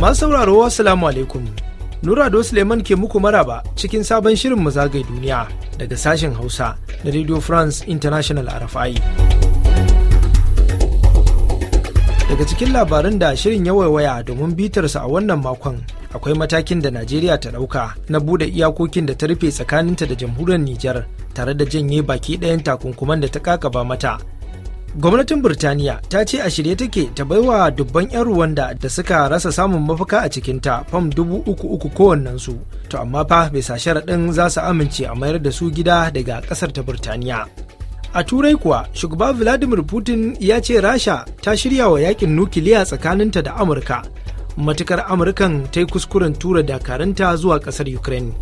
Masu sauraro Assalamu alaikum. Nurado Suleiman ke muku maraba cikin sabon shirin mu zagaye duniya daga sashen Hausa da Radio France International RFI. Daga cikin labarin da shirin ya waiwaya domin bitarsa a wannan makon akwai matakin da Najeriya ta ɗauka na buɗe iyakokin da ta rufe tsakaninta da jamhuriyar Nijar tare da janye baki ɗayan takunkuman da ta kakaba mata gwamnatin burtaniya ta ce a shirye take ta baiwa dubban 'yan ruwanda da suka rasa samun mafaka a cikinta fam dubu uku uku su. to amma fa bisa sharaɗin za su amince a mayar da su gida daga ƙasar ta burtaniya a turai kuwa shugaba vladimir putin ya ce rasha ta shirya wa yakin nukiliya tsakaninta da amurka matukar amurkan ta yi kuskuren tura dakaranta zuwa ƙasar ukraine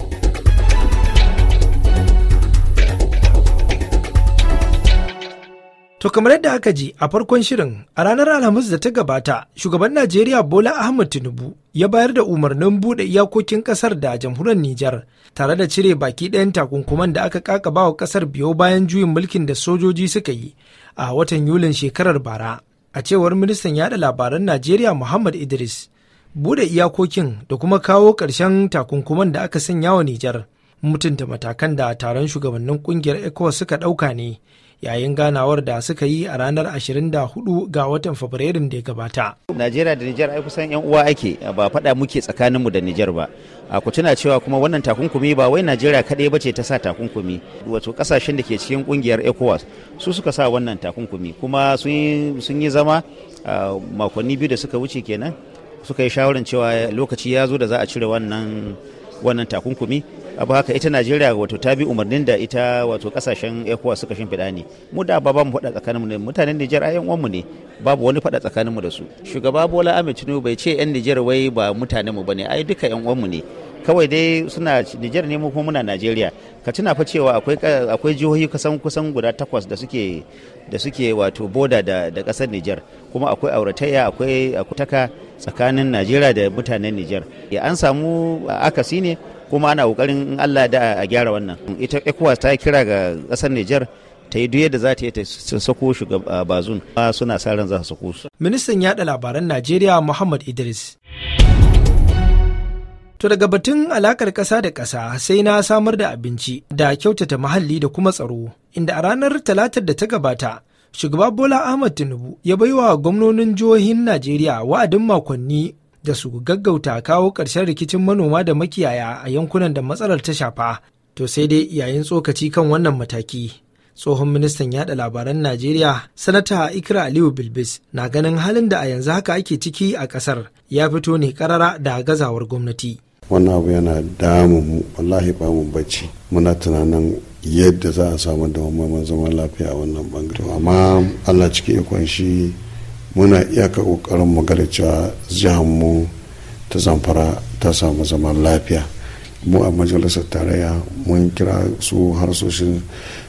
To kamar yadda aka ji a farkon shirin a ranar Alhamis da ta gabata shugaban Najeriya Bola Ahmed Tinubu ya bayar da umarnin buɗe iyakokin ƙasar da jamhuriyar Nijar tare da cire baki ɗayan takunkuman da aka kakaba wa ƙasar biyo bayan juyin mulkin da sojoji suka yi a watan Yulin shekarar bara. A cewar ministan yaɗa labaran Najeriya Muhammad Idris, buɗe iyakokin da kuma kawo ƙarshen takunkuman da aka sanya wa Nijar mutunta matakan da taron shugabannin ƙungiyar ECOWAS suka ɗauka ne yayin ganawar da suka yi a ranar 24 ga watan fabrairun da ya gabata. Najeriya da Nijar ai kusan yan uwa ake ba faɗa muke tsakanin mu da Nijar ba. A ku tuna cewa kuma wannan takunkumi ba wai Najeriya kaɗai ba ce ta sa takunkumi. Wato ƙasashen da ke cikin kungiyar ECOWAS su suka sa wannan takunkumi kuma sun yi zama makonni biyu da suka wuce kenan suka yi shawarar cewa lokaci ya zo da za a cire wannan wannan takunkumi abu haka ita najeriya wato ta bi umarnin da ita wato kasashen ecowa suka shimfiɗa ne mu da ba mu faɗa tsakaninmu ne mutanen nijar a uwanmu ne babu wani faɗa tsakaninmu da su shugaba bola ahmed tinubu bai ce yan nijar wai ba mutanenmu ba ne ai duka yan uwanmu ne kawai dai suna nijar ne mu kuma muna najeriya ka tuna fa cewa akwai akwai jihohi kusan kusan guda takwas da suke da suke wato boda da da kasar nijar kuma akwai auratayya akwai akutaka tsakanin najeriya da mutanen nijar ya an samu akasi ne kuma ana kokarin in Allah da a gyara wannan ita ECOWAS ta kira ga kasar Nijar ta yi duk yadda za ta yi ta sako shugaba bazun suna sa ran za su sako su ministan yada labaran Najeriya Muhammad Idris To daga batun alakar ƙasa da ƙasa sai na samar da abinci da kyautata muhalli da kuma tsaro, inda a ranar talatar da ta gabata, shugaba Bola Ahmad Tinubu ya baiwa gwamnonin jihohin Najeriya wa'adin makonni da su gaggauta kawo ƙarshen rikicin manoma da makiyaya a yankunan da matsalar ta shafa to sai dai yayin tsokaci kan wannan mataki tsohon ministan yada labaran najeriya sanata ikra aliyu bilbis na ganin halin da a yanzu haka ake ciki a ƙasar ya fito ne karara da gazawar gwamnati wannan abu yana damun mu wallahi ba mu bacci muna tunanin yadda za a samu da zaman lafiya a wannan bangare amma allah ciki ikon shi muna iyaka kokarin magana cewa jihar mu ta zamfara ta samu zaman lafiya mu a majalisar tarayya mun kira su harsoshin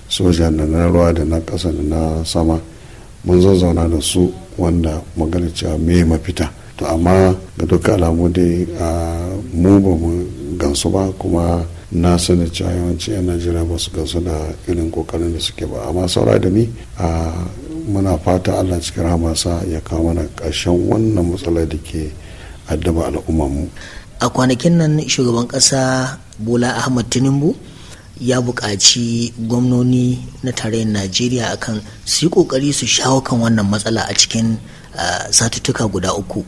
soja da na ruwa da na ƙasa da na sama mun zazzauna da su wanda magana cewa me mafita to amma ga duka alamu dai a mu ba mu gansu ba kuma na sani cewa yawanci yan najeriya ba su gansu da irin kokarin da suke ba amma saura da ni a muna fata allah cikin hamasa ya kawo mana ƙarshen wannan matsala da ke addaba al'ummarmu a kwanakin nan shugaban ƙasa bola ahmad tinubu ya buƙaci gwamnoni na tarayyar najeriya akan su yi ƙoƙari su shawo kan wannan matsala a cikin satuttuka guda uku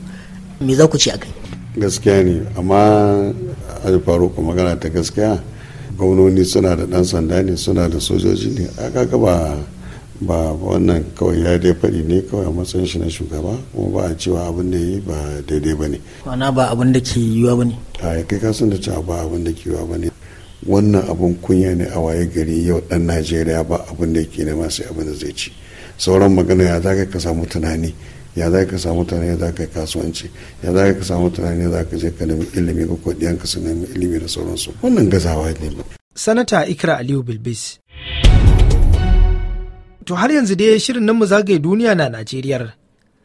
me za ku ce akai gaskiya ne amma a faru magana ta gaskiya gwamnoni suna da ɗan sanda ne suna da sojoji ne kaka ba ba wannan kawai ya dai faɗi ne kawai a matsayin shi na shugaba kuma ba a cewa abin da yi ba daidai ba ne. Wana ba abin da ke yiwa ba ne? A kai kasan da cewa ba abin da ke yiwa ba ne. Wannan abin kunya ne a waye gari yau ɗan Najeriya ba abin da ke nema sai abin da zai ci. Sauran magana ya za ka samu tunani ya za ka samu tunani ya za ka kasuwanci ya za ka samu tunani ya za ka je ka nemi ilimi ko ka su nemi ilimi da sauransu wannan gazawa ne. Sanata Ikra Aliyu Bilbis To har yanzu dai shirin nan mu zagaye duniya na Najeriya.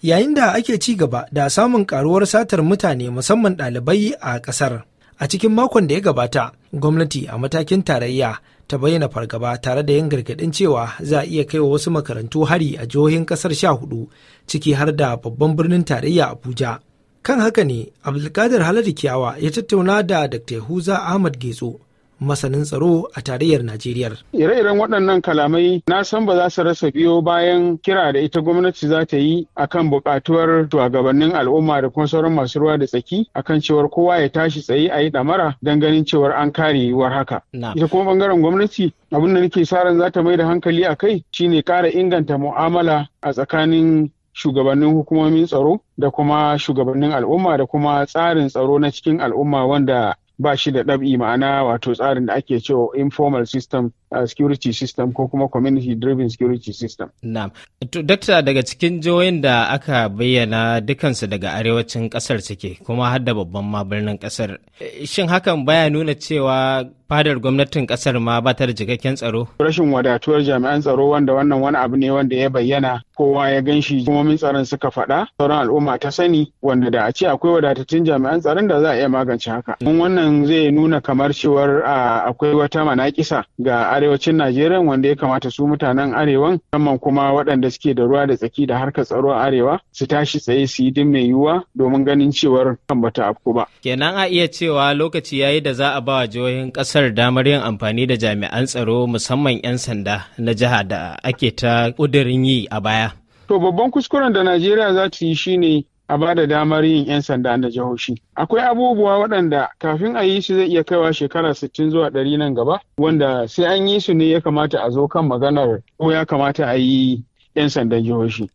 Yayin da ake ci gaba da samun karuwar satar mutane musamman ɗalibai a ƙasar. A cikin makon da ya gabata, gwamnati a matakin tarayya ta bayyana fargaba tare da yin gargaɗin cewa za a iya kai wa wasu makarantu hari a jihohin ƙasar sha hudu ciki har da babban birnin tarayya Abuja. Kan haka ne, Abdulkadir Haladu Kiyawa ya tattauna da Dr. Huza Ahmad Getso, masanin tsaro a tarayyar Najeriya. Ire-iren waɗannan kalamai na san ba za su rasa biyo bayan kira da ita gwamnati za ta yi akan buƙatuwar shugabannin al'umma da kuma sauran masu ruwa da tsaki akan cewar kowa ya tashi tsaye a yi ɗamara don ganin cewar an kare yiwuwar haka. Ita kuma bangaren gwamnati abin da nake sa ran za ta mai da hankali a kai shi ne ƙara inganta mu'amala a tsakanin shugabannin hukumomin tsaro da kuma shugabannin al'umma da kuma tsarin tsaro na cikin al'umma wanda ba shi da ɗab'i ma'ana wato tsarin da ake cewa informal system uh, security system ko kuma community driven security system. Na'am. To dakta daga cikin jihohin da aka bayyana dukansu daga arewacin kasar suke kuma har da babban ma birnin kasar. Eh, shin hakan baya nuna cewa fadar gwamnatin kasar ma ba ta da cikakken tsaro. Rashin wadatuwar jami'an tsaro wanda wannan wani abu ne wanda ya bayyana kowa ya gan shi hukumomin tsaron suka faɗa sauran al'umma ta sani wanda da a ce akwai wadatattun jami'an tsaron da za a iya magance haka. Mun wannan zai nuna kamar cewar akwai wata manakisa ga arewacin Najeriya wanda ya kamata su mutanen arewan musamman kuma waɗanda suke da ruwa da tsaki da harkar tsaro a arewa su tashi tsaye su yi din mai yiwuwa domin ganin cewar kan bata afku ba. Kenan a iya cewa lokaci yayi da za a ba wa jihohin ƙasar kasar damar yin amfani da jami'an tsaro musamman 'yan sanda na jiha da ake ta ƙudurin yi a baya? To babban kuskuren da Najeriya za ta yi shine a ba da damar yin 'yan sanda na jihohi. Akwai abubuwa waɗanda kafin a yi su zai iya kaiwa shekara 60 zuwa 100 nan gaba, wanda sai an yi su ne ya kamata a zo kan maganar ko ya kamata a yi 'yan sandan jihohi.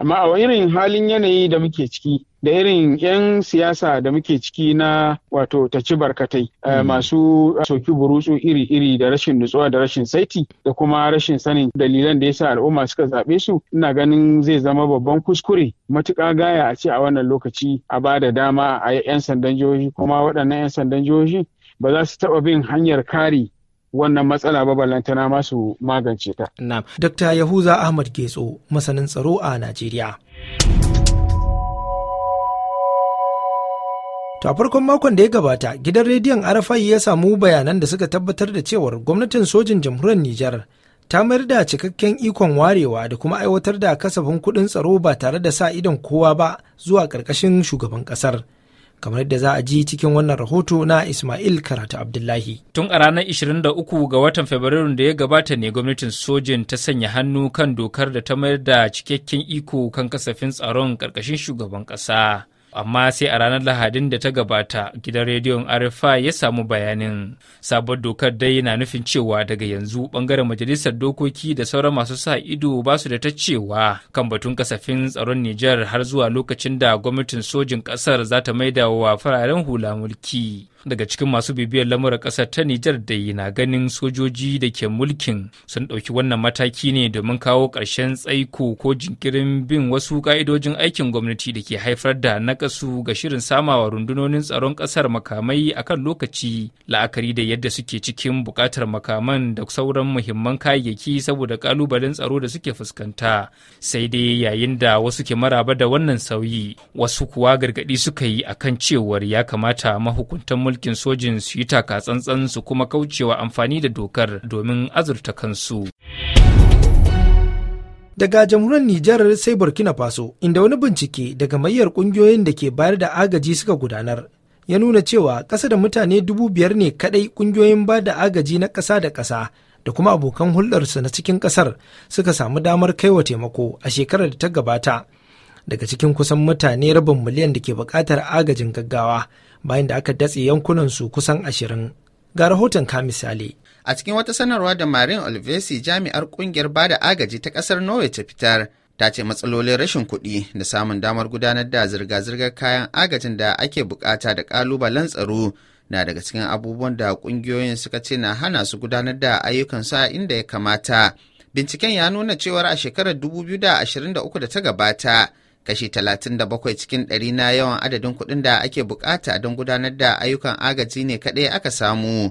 Amma a irin halin yanayi da muke ciki da irin 'yan siyasa da muke ciki na wato ta ci barkatai eh, hmm. masu eh, soki burutsu iri-iri da rashin nutsuwa da rashin saiti da kuma rashin sanin dalilan da yasa al'umma suka zaɓe su ina ganin zai zama babban kuskure matuƙa gaya a ce a wannan lokaci a ba da dama a 'yan sandan jihohi kuma waɗannan 'yan sandan jihohi ba za su taɓa bin hanyar kare wannan matsala ba ballantana masu magance ta. Dokta Yahuza Ahmad Getso, masanin tsaro a Najeriya. To a farkon makon da ya gabata, gidan rediyon Arafai ya samu bayanan da suka tabbatar da cewar gwamnatin sojin jamhuriyar Nijar ta mayar da cikakken ikon warewa da kuma aiwatar da kasafin kuɗin tsaro ba tare da sa idon kowa ba zuwa ƙarƙashin shugaban ƙasar. kamar yadda za a ji cikin wannan rahoto na Ismail Karatu Abdullahi. Tun a ranar 23 ga watan Fabrairun da ya gabata ne gwamnatin sojin ta sanya hannu kan dokar da ta mayar da cikakken iko kan kasafin tsaron ƙarƙashin shugaban ƙasa. amma sai a ranar lahadin da ta gabata gidan rediyon rfi ya samu bayanin sabon dokar dai na nufin cewa daga yanzu bangaren majalisar dokoki da sauran masu sa ido ba su da ta cewa kan batun kasafin tsaron nijar har zuwa lokacin da gwamnatin sojin kasar za ta maida wa fararen hula mulki daga cikin masu bibiyar lamuran ƙasar ta Nijar da yi na ganin sojoji da ke mulkin sun ɗauki wannan mataki ne domin kawo ƙarshen tsaiko ko jinkirin bin wasu ƙa'idojin aikin gwamnati da ke haifar da nakasu ga shirin samawa rundunonin tsaron ƙasar makamai a kan lokaci la'akari da yadda suke cikin buƙatar makaman da sauran muhimman kayayyaki saboda ƙalubalen tsaro da suke fuskanta sai dai yayin da wasu ke maraba da wannan sauyi wasu kuwa gargaɗi suka yi akan cewar ya kamata mahukuntan mulki mulkin sojin su yi taka tsantsan su kuma kaucewa amfani da dokar domin azurta kansu. daga jamhuriyar Nijar sai Burkina Faso, inda wani bincike daga mayar ƙungiyoyin da ke bayar da agaji suka gudanar, ya nuna cewa ƙasa da mutane dubu biyar ne kaɗai ƙungiyoyin ba da agaji na ƙasa da ƙasa da kuma abokan hulɗarsu na cikin ƙasar suka samu damar kaiwa taimako a shekarar da ta gabata. daga cikin kusan mutane rabin miliyan da ke buƙatar agajin gaggawa bayan da aka datse yankunan su kusan ashirin. Ga rahoton ka misali. A cikin wata sanarwa da Marin Olvesi jami'ar ƙungiyar bada agaji ta ƙasar Norway ta fitar, ta ce matsalolin rashin kuɗi da samun damar gudanar da zirga-zirgar kayan agajin da ake buƙata da ƙalubalen tsaro na daga cikin abubuwan da ƙungiyoyin suka ce na hana su gudanar da ayyukansu a inda ya kamata. Binciken ya nuna cewar a shekarar 2023 da ta gabata, kashi 37 cikin ɗari na yawan adadin kuɗin da ake bukata don gudanar da ayyukan agaji ne kaɗai aka samu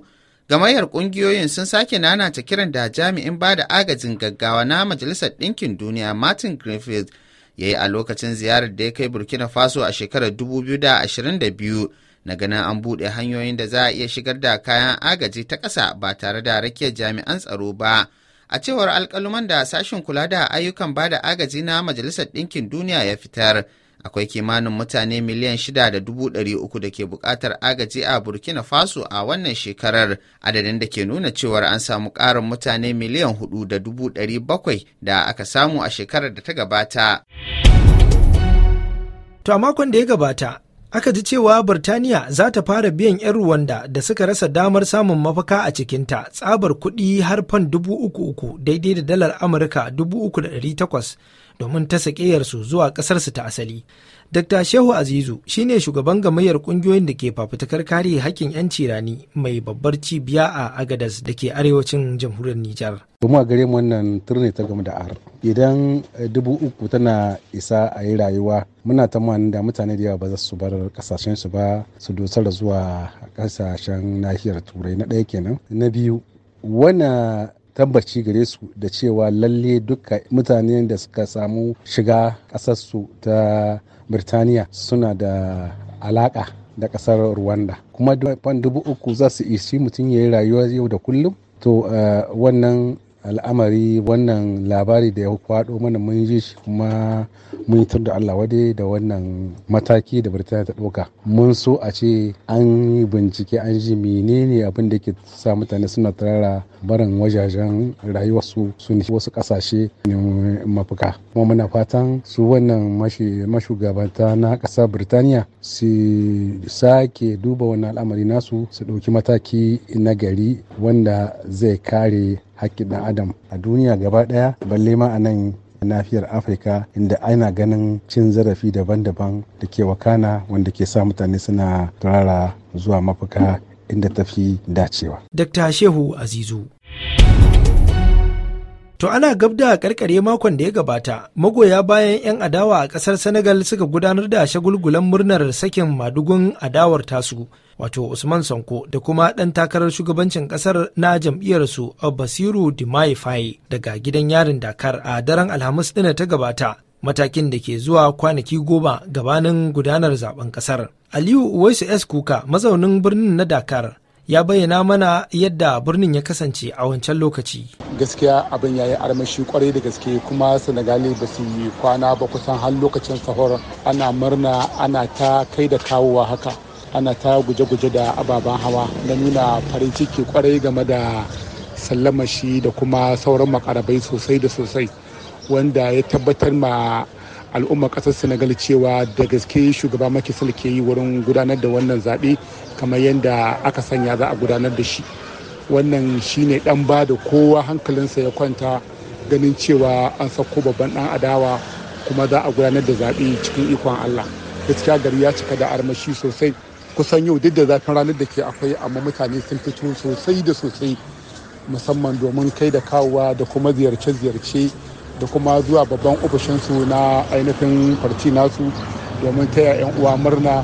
gamayyar ƙungiyoyin sun sake nanata kiran da jami'in ba da agajin gaggawa na majalisar ɗinkin duniya martin griffith ya yi a lokacin ziyarar da ya kai burkina faso a shekarar 2022 na ganin an buɗe hanyoyin da za a iya shigar da kayan agaji ta ƙasa ba tare da rakiyar jami'an tsaro ba a cewar alkaluman da sashen kula da ayyukan ba da agaji na majalisar ɗinkin duniya ya fitar akwai kimanin mutane miliyan shida da dubu ɗari uku da ke buƙatar agaji a burkina faso a wannan shekarar adadin da ke nuna cewar an samu ƙarin mutane miliyan hudu da dubu ɗari bakwai da aka samu a shekarar da ta gabata. To a makon da ya gabata, aka ji cewa Birtaniya za ta fara biyan 'yan Ruwanda da suka rasa damar samun mafaka a cikinta tsabar kuɗi har fan dubu uku uku daidai da dalar Amurka dubu uku da ɗari takwas domin ta sakeyarsu zuwa ƙasarsu ta asali. Dr. Shehu Azizu shi ne shugaban gamayyar ƙungiyoyin da ke fafutukar kare hakkin 'yanci rani mai babbar cibiya a Agadas da ke arewacin jamhuriyar Nijar. Domin a gare mu wannan turne ta game da ar. Idan eh, dubu uku tana isa a yi rayuwa muna tamanin da mutane da yawa ba za su bar kasashen su ba su dosar zuwa kasashen nahiyar turai na ɗaya kenan. Na biyu wana tabbaci gare su da cewa lalle duka mutane da suka samu shiga ƙasarsu ta birtaniya suna da alaƙa da ƙasar rwanda kuma dubu uku za su isi mutum ya yi rayuwa yau da kullum to eh, wannan al'amari wannan labari da ya kwaɗo mana mun ji shi kuma mun yi da Allah wade da wannan mataki da Birtaniya ta ɗauka. Mun so a ce an yi bincike an ji menene abin da ke sa mutane suna tarara barin wajajen rayuwarsu su ne wasu ƙasashe mafuka. Kuma muna fatan su wannan mashugabanta na ƙasar Birtaniya su sake duba wannan al'amari nasu su ɗauki mataki na gari wanda zai kare haƙƙin ɗan adam a duniya gaba ɗaya balle ma a nan nafiyar afirka inda ana ganin cin zarafi daban-daban da ke wakana wanda ke sa mutane suna turara zuwa mafuka inda tafi dacewa. Dr. Shehu Azizu To ana gab da karkare makon da ya gabata, magoya bayan 'yan adawa a ƙasar Senegal suka gudanar da shagulgulan murnar sakin madugun adawar tasu, wato Usman Sanko da kuma ɗan takarar shugabancin ƙasar na jam'iyyarsu Basiru Dimaye Faye daga gidan yarin Dakar a daren Alhamis ɗina ta gabata. Matakin da ke zuwa kwanaki goma gabanin gudanar zaben ƙasar. Aliyu Uwaisu S. Kuka mazaunin birnin na Dakar ya bayyana mana yadda birnin ya kasance a wancan lokaci. Gaskiya abin ya yi armashi kwarai da gaske kuma Senegali ba su yi kwana ba kusan har lokacin sahur ana murna ana ta kai da kawowa haka. Ana ta guje-guje da ababen hawa na nuna farin ciki kwarai game da sallama shi, da kuma sauran makarabai sosai da sosai wanda ya tabbatar ma al'ummar kasar senegal cewa da gaske shugaba Macky Sall ke yi wurin gudanar da wannan zaɓe kamar yadda aka sanya za a gudanar da shi wannan shine dan ba da kowa hankalinsa ya kwanta ganin cewa an sako babban dan adawa kuma za a gudanar da zaɓe cikin ikon allah gaskiya gari ya cika da armashi sosai kusan yau duk da zafin ranar da ke akwai amma mutane sun fito sosai da sosai musamman domin kai da kawowa da kuma ziyarce-ziyarce da kuma zuwa babban ofishinsu na ainihin farci nasu domin taya 'yan uwa murna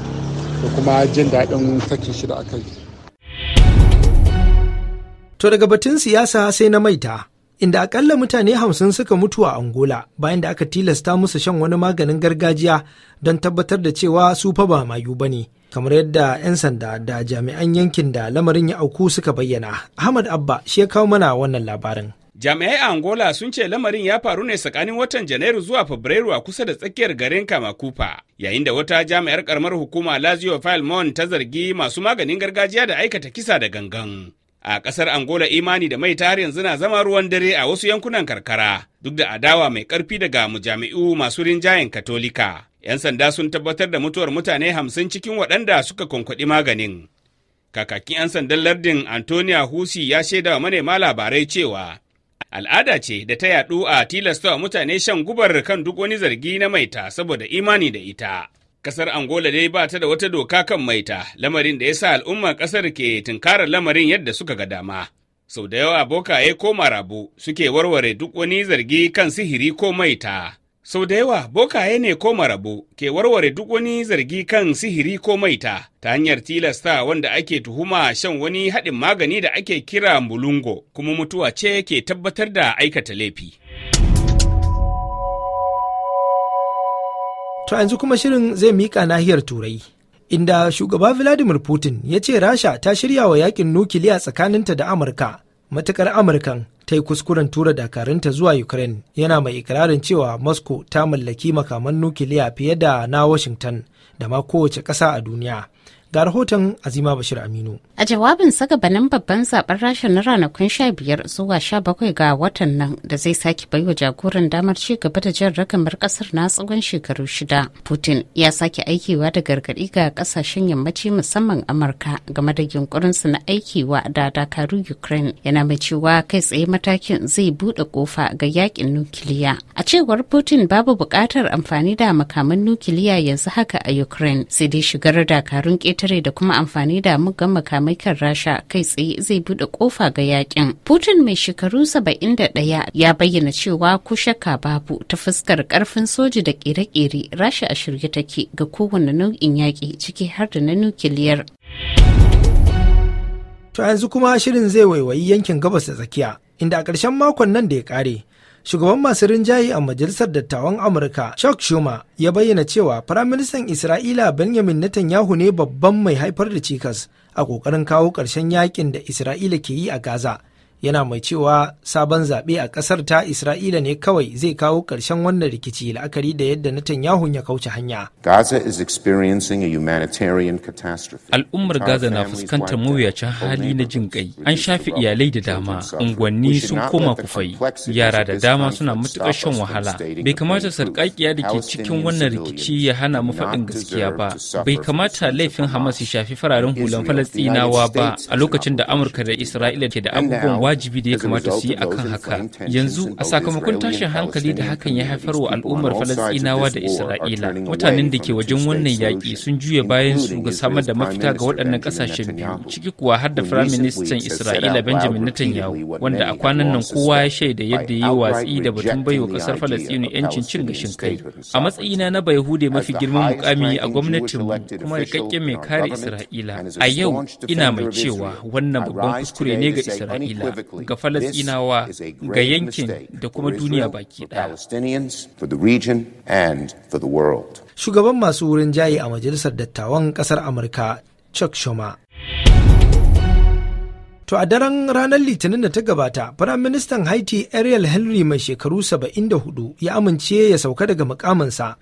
da kuma jin daɗin sakin shi da aka yi. To daga batun siyasa sai na maita. inda akalla mutane hamsin suka mutu a Angola bayan da aka tilasta musu shan wani maganin gargajiya don tabbatar da cewa su fa ba mayu ba ne. Kamar yadda 'yan sanda da jami'an yankin da lamarin ya auku suka bayyana, Ahmad Abba shi ya kawo mana wannan labarin. Jami'ai a Angola sun ce lamarin ya faru ne tsakanin watan Janairu zuwa Fabrairu a kusa da tsakiyar garin kamakupa yayin da wata jami'ar karamar hukuma Lazio filemon ta zargi masu maganin gargajiya da aikata kisa da gangan. A ƙasar Angola imani da mai har yanzu zama ruwan dare a wasu yankunan karkara, duk da adawa mai ƙarfi daga mujami'u masu rinjayen Katolika. 'Yan sanda sun tabbatar da mutuwar mutane hamsin cikin waɗanda suka kwankwaɗi maganin. Kakakin 'yan sandan lardin Antonia Husi ya shaida wa manema labarai cewa al'ada ce da ta yaɗu a tilastawa mutane shan gubar kan duk wani zargi na maita saboda imani da ita. Kasar Angola dai ba ta da wata doka kan maita, lamarin da ya sa al'ummar kasar ke tunkarar lamarin yadda suka ga dama. Sau da yawa bokaye ko marabu suke warware duk wani zargi kan sihiri ko maita. Sau da yawa bokaye ne ko marabu ke warware duk wani zargi kan sihiri ko maita ta hanyar tilasta wanda ake tuhuma shan wani haɗin magani da ake kira mulungo kuma mutuwa ce ke tabbatar da aikata laifi. To yanzu kuma shirin zai miƙa nahiyar Turai. Inda shugaba Vladimir Putin ya ce Rasha ta shirya wa yakin nukiliya tsakaninta da Amurka matukar amurkan ta yi kuskuren tura dakarunta zuwa ukraine yana mai ikirarin cewa moscow ta mallaki makaman nukiliya fiye da na washington da ma kowace ƙasa a duniya Ga rahoton Azima Bashir Aminu. A jawabin saka banan babban zaben Rasha na ranakun 15 zuwa 17 ga watan nan da zai sake baiwa jagoran damar ci gaba da jan ragamar kasar na tsawon shekaru shida. Putin ya sake aikewa da gargaɗi ga kasashen yammaci musamman Amurka game da yunƙurinsu na wa da dakaru Ukraine yana mai cewa kai tsaye matakin zai buɗe kofa ga yakin nukiliya. A cewar Putin babu buƙatar amfani da makaman nukiliya yanzu haka a Ukraine sai dai shigar dakarun ƙetare ƙetare da kuma amfani da muggan makamai kan rasha kai tsaye zai buɗe kofa ga yakin putin mai shekaru da 71 ya bayyana cewa ko shakka babu ta fuskar karfin soji da ƙere-ƙere rasha a shirye take ga kowane nau'in yaƙi ciki har da na nukiliyar To yanzu kuma shirin zai waiwayi yankin gabas da tsakiya, inda a ƙarshen makon nan da ya ƙare, shugaban masu rinjaye a majalisar dattawan amurka chuck schumer ya bayyana cewa firaministan isra'ila benjamin netanyahu ne babban mai haifar da cikas a kokarin kawo ƙarshen yakin da isra'ila ke yi a gaza yana mai cewa sabon zaɓe a ƙasar ta Isra'ila ne kawai zai kawo ƙarshen wannan rikici la'akari da yadda Netanyahu ya kauce hanya. Gaza is experiencing humanitarian catastrophe. Al'ummar Gaza na fuskantar mawuyacin hali na jin kai. An shafe iyalai da dama, unguwanni sun koma kufai, yara da dama suna matuƙar shan wahala. Bai kamata sarƙaƙiya da ke cikin wannan rikici ya hana mu faɗin gaskiya ba. Bai kamata laifin Hamas ya shafi fararen hulan falastinawa ba a lokacin da Amurka da Isra'ila ke da abubuwan wajibi da ya kamata su yi akan haka yanzu a sakamakon tashin hankali da hakan ya haifar wa al'ummar falasɗinawa da isra'ila mutanen da ke wajen wannan yaƙi sun juya bayan su ga samar da mafita ga waɗannan ƙasashen biyu ciki kuwa har da firaministan isra'ila benjamin netanyahu wanda a kwanan nan kowa ya shaida yadda ya yi watsi da batun wa ƙasar falasɗinu yancin cin gashin kai a matsayina na bai hude mafi girman mukami a gwamnatinmu kuma rikakken mai kare isra'ila a yau ina mai cewa wannan babban kuskure ne ga isra'ila ga Falasɗinawa ga yankin da kuma duniya baki ɗaya. Shugaban masu wurin jayi a Majalisar Dattawan kasar Amurka, Chuck shoma To a daren ranar Litinin da ta gabata, ministan Haiti Ariel Henry mai shekaru 74 ya amince ya sauka daga mukaminsa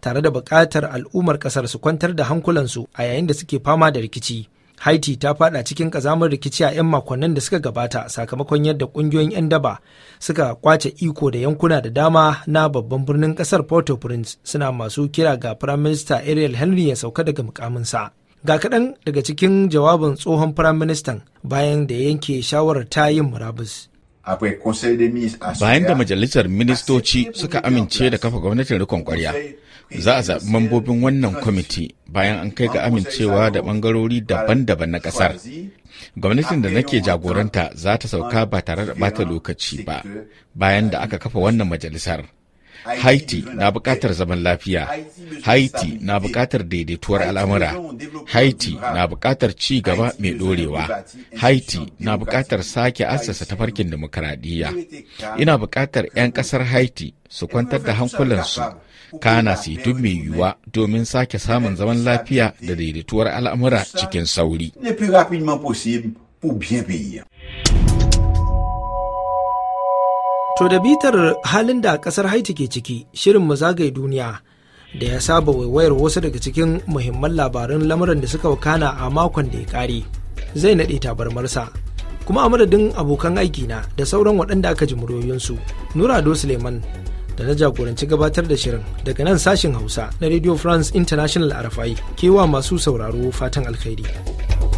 tare da bukatar al'ummar ƙasar su kwantar da hankulansu a yayin da suke fama da rikici. haiti ta fada cikin kazamar rikici a 'yan makonnin da suka gabata sakamakon yadda kungiyoyin 'yan daba suka kwace iko da yankuna da dama na babban birnin kasar porto prince suna masu kira ga firaminista ariel henry ya sauka daga mukaminsa ga kaɗan daga cikin jawabin tsohon firaministan bayan da yanke shawarar ta yin murabus bayan da majalisar ministoci suka amince da kafa gwamnatin rikon kwarya za a zaɓi mambobin wannan kwamiti bayan an kai ga amincewa da ɓangarori daban-daban na ƙasar. Gwamnatin da nake jagoranta za ta sauka ba tare da bata lokaci ba bayan da aka kafa wannan majalisar. Haiti na buƙatar zaman lafiya, Haiti na buƙatar daidaituwar al'amura, Haiti na buƙatar ci gaba mai ɗorewa, Haiti na buƙatar sake assasa tafarkin dimokuraɗiyya. Ina buƙatar 'yan ƙasar Haiti su kwantar da hankulansu. kana su yi duk mai yiwuwa domin sake samun zaman lafiya da daidaituwar al'amura cikin sauri. To da bitar halin da kasar Haiti ke ciki shirin mu zagaye duniya da ya saba waiwayar wasu daga cikin muhimman labarin lamuran da suka wakana a makon da ya kare zai naɗe tabarmarsa. kuma a madadin abokan aiki na da sauran waɗanda aka ji muryoyinsu nura ado suleiman da na jagoranci gabatar da shirin daga nan sashin Hausa na Radio France International RFI kewa masu sauraro fatan alkhairi.